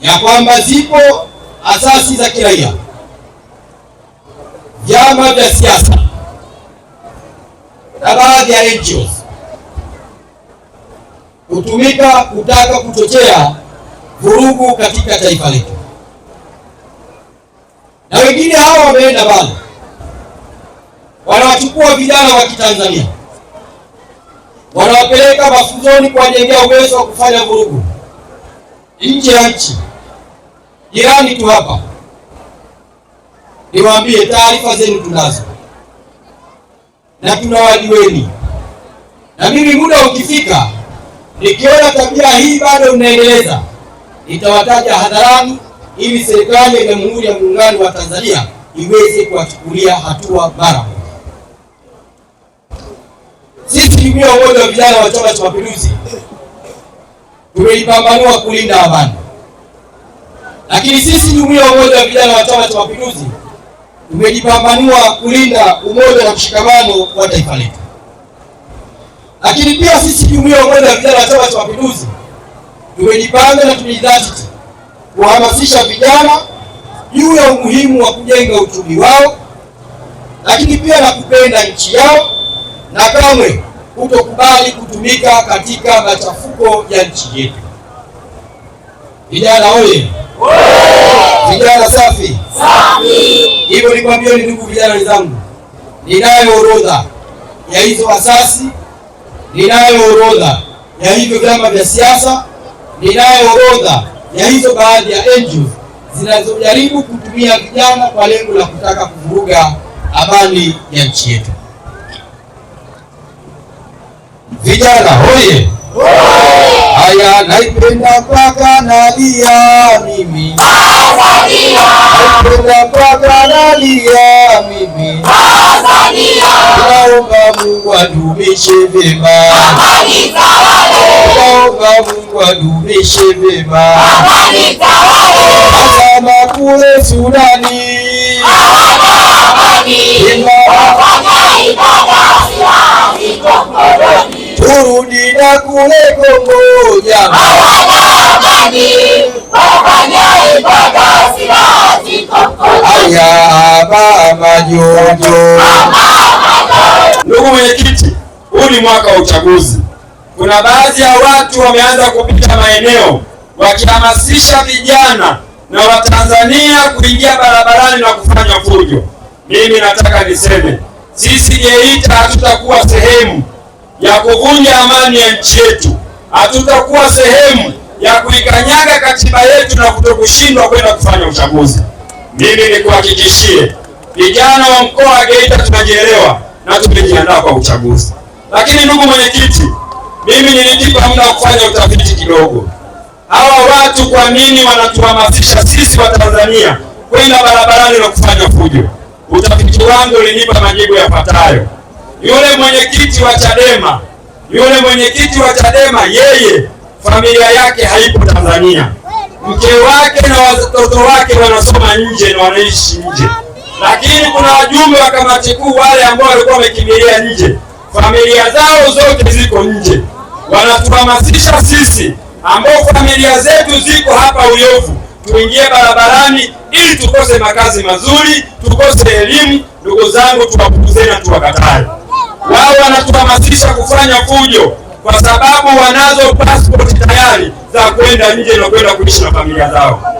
ya kwamba zipo asasi za kiraia, vyama vya siasa na baadhi ya NGOs kutumika kutaka kuchochea vurugu katika taifa letu, na wengine hao wameenda mbali, wanawachukua vijana wa Kitanzania wanawapeleka mafunzoni kuwajengea uwezo wa kufanya vurugu nje ya nchi, jirani tu hapa. Niwaambie, taarifa zenu tunazo na tunawajueni, na mimi muda ukifika, nikiona tabia hii bado mnaendeleza, nitawataja hadharani ili serikali ya Jamhuri ya Muungano wa Tanzania iweze kuwachukulia hatua mara moja. Sisi jumuiya ya Umoja wa Vijana wa Chama cha Mapinduzi tumeipambanua kulinda amani. Lakini sisi jumuiya ya umoja wa vijana wa Chama cha Mapinduzi tumejipambanua kulinda umoja na mshikamano wa taifa letu. Lakini pia sisi jumuiya ya umoja wa vijana wa Chama cha Mapinduzi tumejipanga na tumejidhatiti kuhamasisha vijana juu ya umuhimu wa kujenga uchumi wao, lakini pia na kupenda nchi yao na kamwe kutokubali kutumika katika machafuko ya nchi yetu. Vijana oye! Vijana safi safi! Hivyo nikwambieni ndugu vijana wenzangu, ninayo orodha ya hizo asasi, ninayo orodha ya hivyo vyama vya siasa, ninayo orodha ya hizo baadhi ya NGOs zinazojaribu kutumia vijana kwa lengo la kutaka kuvuruga amani ya nchi yetu. Vijana hoye! Haya, naipenda mpaka nalia mimi, naipenda mpaka nalia mimi. Naomba Mungu adumishe vyema, naomba Mungu adumishe vyema, kama kule Sudani kule Kongo Ndugu mwenyekiti, huu ni mwaka wa uchaguzi. Kuna baadhi ya watu wameanza kupita maeneo wakihamasisha vijana na Watanzania kuingia barabarani na kufanya fujo. Mimi nataka niseme sisi Geita hatutakuwa sehemu ya kuvunja amani ya nchi yetu. Hatutakuwa sehemu ya kuikanyaga katiba yetu na kutokushindwa kwenda kufanya uchaguzi. Mimi nikuhakikishie, vijana wa mkoa wa Geita tunajielewa na tumejiandaa kwa uchaguzi. Lakini ndugu mwenyekiti, mimi nilijipa muda wa kufanya utafiti kidogo. Hawa watu kwa nini wanatuhamasisha sisi wa Tanzania kwenda barabarani na kufanya fujo? Utafiti wangu ulinipa majibu yafuatayo. Yule mwenyekiti wa Chadema, yule mwenyekiti wa Chadema, yeye familia yake haipo Tanzania, mke wake na watoto wake wanasoma nje na wanaishi nje, lakini kuna wajumbe wa kamati kuu wale ambao walikuwa wamekimbilia nje, familia zao zote ziko nje. Wanatuhamasisha sisi ambao familia zetu ziko hapa Uyovu tuingie barabarani ili tukose makazi mazuri, tukose elimu. Ndugu zangu, tuwapunguzeni na tuwakatae wao wanatuhamasisha kufanya fujo kwa sababu wanazo passport tayari za kwenda nje na kwenda kuishi na familia zao.